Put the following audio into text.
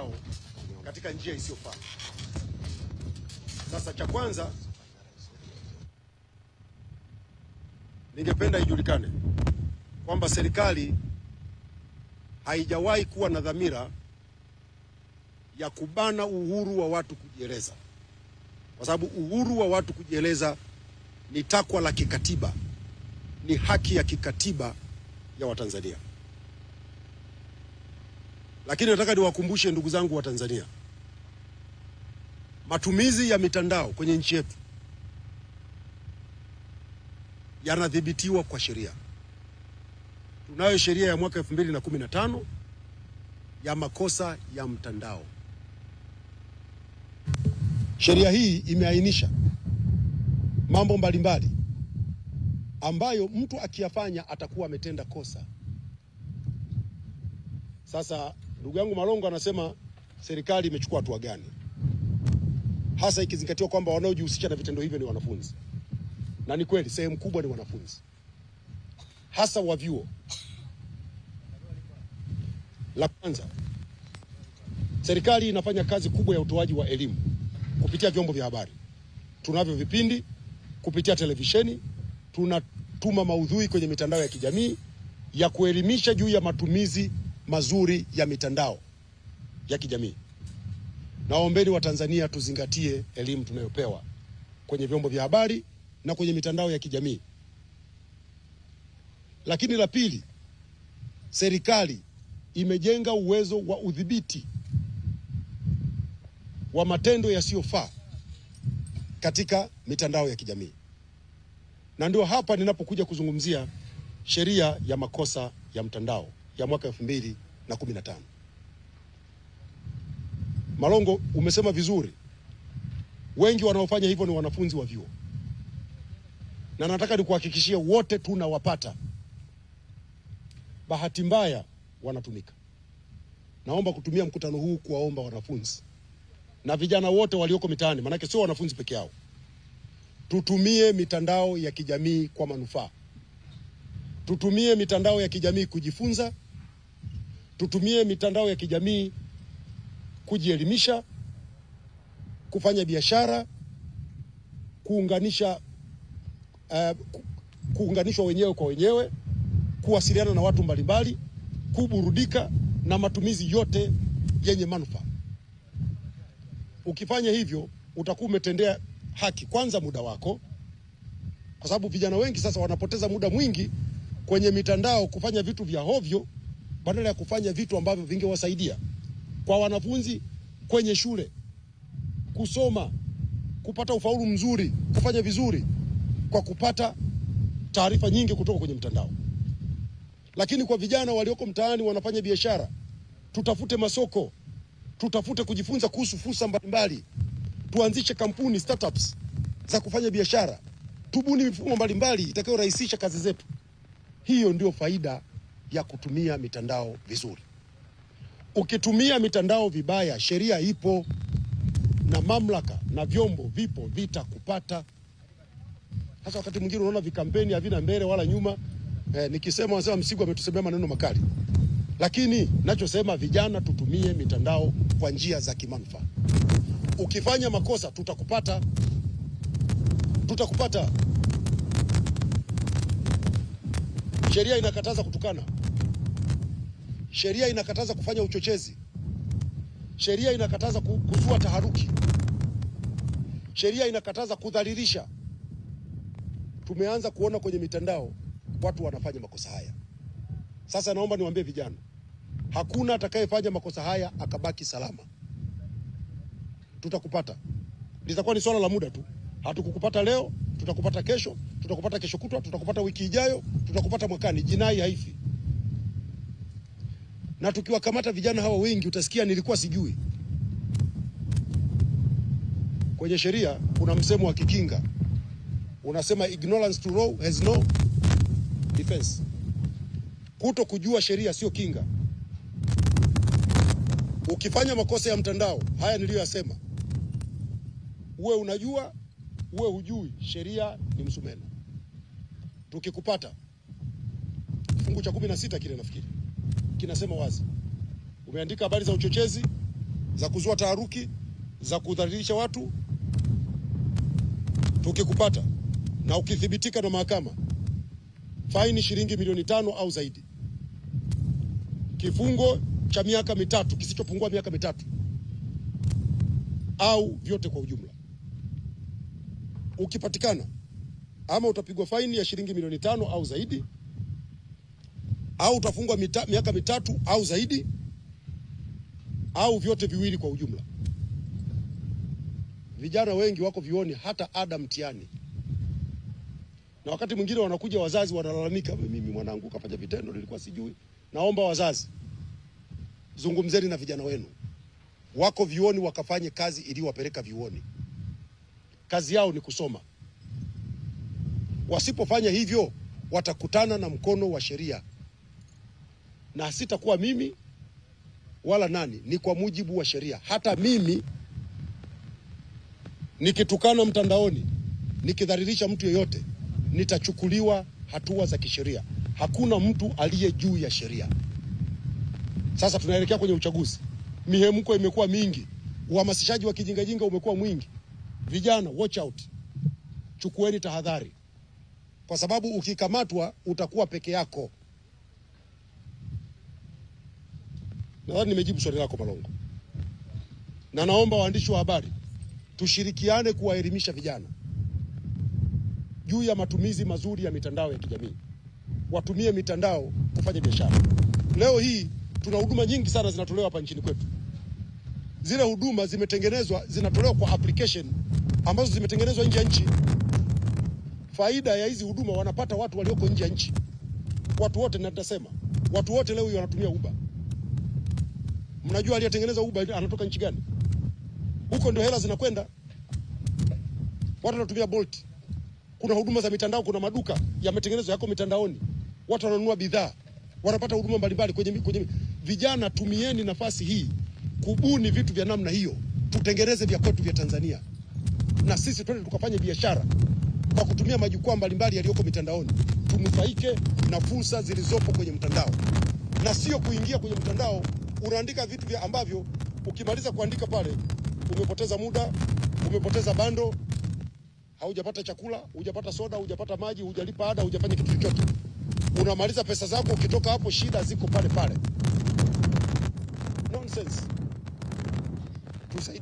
yao katika njia isiyofaa. Sasa cha kwanza, ningependa ijulikane kwamba serikali haijawahi kuwa na dhamira ya kubana uhuru wa watu kujieleza, kwa sababu uhuru wa watu kujieleza ni takwa la kikatiba, ni haki ya kikatiba ya Watanzania. Lakini nataka niwakumbushe ndugu zangu wa Tanzania, matumizi ya mitandao kwenye nchi yetu yanadhibitiwa kwa sheria. Tunayo sheria ya mwaka 2015 ya makosa ya mtandao. Sheria hii imeainisha mambo mbalimbali ambayo mtu akiyafanya atakuwa ametenda kosa. Sasa Ndugu yangu Malongo anasema serikali imechukua hatua gani, hasa ikizingatiwa kwamba wanaojihusisha na vitendo hivyo ni wanafunzi. Na ni kweli sehemu kubwa ni wanafunzi, hasa wa vyuo. La kwanza, serikali inafanya kazi kubwa ya utoaji wa elimu kupitia vyombo vya habari. Tunavyo vipindi kupitia televisheni, tunatuma maudhui kwenye mitandao ya kijamii ya kuelimisha juu ya matumizi mazuri ya mitandao ya kijamii. wa Watanzania tuzingatie elimu tunayopewa kwenye vyombo vya habari na kwenye mitandao ya kijamii. Lakini la pili, serikali imejenga uwezo wa udhibiti wa matendo yasiyofaa katika mitandao ya kijamii, na ndio hapa ninapokuja kuzungumzia sheria ya makosa ya mtandao ya mwaka tano. Malongo, umesema vizuri, wengi wanaofanya hivyo ni wanafunzi wa vyuo, na nataka nikuhakikishie wote tunawapata. Bahati mbaya wanatumika. Naomba kutumia mkutano huu kuwaomba wanafunzi na vijana wote walioko mitaani, maanake sio wanafunzi peke yao, tutumie mitandao ya kijamii kwa manufaa, tutumie mitandao ya kijamii kujifunza Tutumie mitandao ya kijamii kujielimisha, kufanya biashara, kuunganisha uh, kuunganishwa wenyewe kwa wenyewe, kuwasiliana na watu mbalimbali, kuburudika na matumizi yote yenye manufaa. Ukifanya hivyo utakuwa umetendea haki kwanza muda wako, kwa sababu vijana wengi sasa wanapoteza muda mwingi kwenye mitandao kufanya vitu vya hovyo badala ya kufanya vitu ambavyo vingewasaidia kwa wanafunzi kwenye shule kusoma, kupata ufaulu mzuri, kufanya vizuri kwa kupata taarifa nyingi kutoka kwenye mtandao. Lakini kwa vijana walioko mtaani wanafanya biashara, tutafute masoko, tutafute kujifunza kuhusu fursa mbalimbali, tuanzishe kampuni startups za kufanya biashara, tubuni mifumo mbalimbali itakayorahisisha kazi zetu. Hiyo ndio faida ya kutumia mitandao vizuri. Ukitumia mitandao vibaya, sheria ipo na mamlaka na vyombo vipo vitakupata. Sasa wakati mwingine unaona vikampeni havina mbele wala nyuma. Eh, nikisema wanasema Msigwa ametusemea maneno makali, lakini nachosema vijana, tutumie mitandao kwa njia za kimanufaa. Ukifanya makosa tutakupata, tutakupata. Sheria inakataza kutukana. Sheria inakataza kufanya uchochezi, sheria inakataza kuzua taharuki, sheria inakataza kudhalilisha. Tumeanza kuona kwenye mitandao watu wanafanya makosa haya. Sasa naomba niwaambie vijana, hakuna atakayefanya makosa haya akabaki salama. Tutakupata, litakuwa ni swala la muda tu. Hatukukupata leo, tutakupata kesho, tutakupata kesho kutwa, tutakupata wiki ijayo, tutakupata mwakani. Jinai haifi na tukiwakamata vijana hawa wengi utasikia nilikuwa sijui. Kwenye sheria kuna msemo wa Kikinga unasema ignorance to law has no defense. Kuto kujua sheria sio kinga. Ukifanya makosa ya mtandao haya niliyoyasema, uwe unajua uwe hujui, sheria ni msumeno. Tukikupata kifungu cha kumi na sita kile nafikiri kinasema wazi, umeandika habari za uchochezi, za kuzua taharuki, za kudhalilisha watu. Tukikupata na ukithibitika na mahakama, faini shilingi milioni tano au zaidi, kifungo cha miaka mitatu kisichopungua miaka mitatu au vyote kwa ujumla. Ukipatikana ama utapigwa faini ya shilingi milioni tano au zaidi au utafungwa mita, miaka mitatu au zaidi au vyote viwili kwa ujumla. Vijana wengi wako vioni hata ada mtihani, na wakati mwingine wanakuja wazazi wanalalamika, mimi mwanangu kafanya vitendo nilikuwa sijui. Naomba wazazi, zungumzeni na vijana wenu wako vioni wakafanye kazi iliyowapeleka vioni. Kazi yao ni kusoma. Wasipofanya hivyo watakutana na mkono wa sheria na sitakuwa mimi wala nani, ni kwa mujibu wa sheria. Hata mimi nikitukana mtandaoni, nikidhalilisha mtu yeyote, nitachukuliwa hatua za kisheria. Hakuna mtu aliye juu ya sheria. Sasa tunaelekea kwenye uchaguzi, mihemko imekuwa mingi, uhamasishaji wa kijingajinga umekuwa mwingi. Vijana, watch out, chukueni tahadhari, kwa sababu ukikamatwa utakuwa peke yako. Nadhani nimejibu swali lako Malongo, na naomba waandishi wa habari tushirikiane kuwaelimisha vijana juu ya matumizi mazuri ya mitandao ya kijamii. Watumie mitandao kufanya biashara. Leo hii tuna huduma nyingi sana zinatolewa hapa nchini kwetu. Zile huduma zimetengenezwa, zinatolewa kwa application ambazo zimetengenezwa nje ya nchi. Faida ya hizi huduma wanapata watu walioko nje ya nchi, watu wote. Natasema watu wote leo hii wanatumia Uber, Mnajua aliyetengeneza Uber anatoka nchi gani? Huko ndio hela zinakwenda. Watu wanatumia Bolt. Kuna huduma za mitandao, kuna maduka yametengenezwa yako mitandaoni. Watu wananunua bidhaa, wanapata huduma mbalimbali kwenye kwenye. Vijana, tumieni nafasi hii kubuni vitu vya namna hiyo, tutengeneze vya kwetu vya Tanzania, na sisi twende tukafanye biashara kwa kutumia majukwaa mbalimbali yaliyoko mitandaoni, tunufaike na fursa zilizopo kwenye mtandao na sio kuingia kwenye mtandao unaandika vitu vya ambavyo ukimaliza kuandika pale umepoteza muda, umepoteza bando, haujapata chakula, hujapata soda, hujapata maji, hujalipa ada, hujafanya kitu chochote. Unamaliza pesa zako, ukitoka hapo shida ziko pale pale. Nonsense.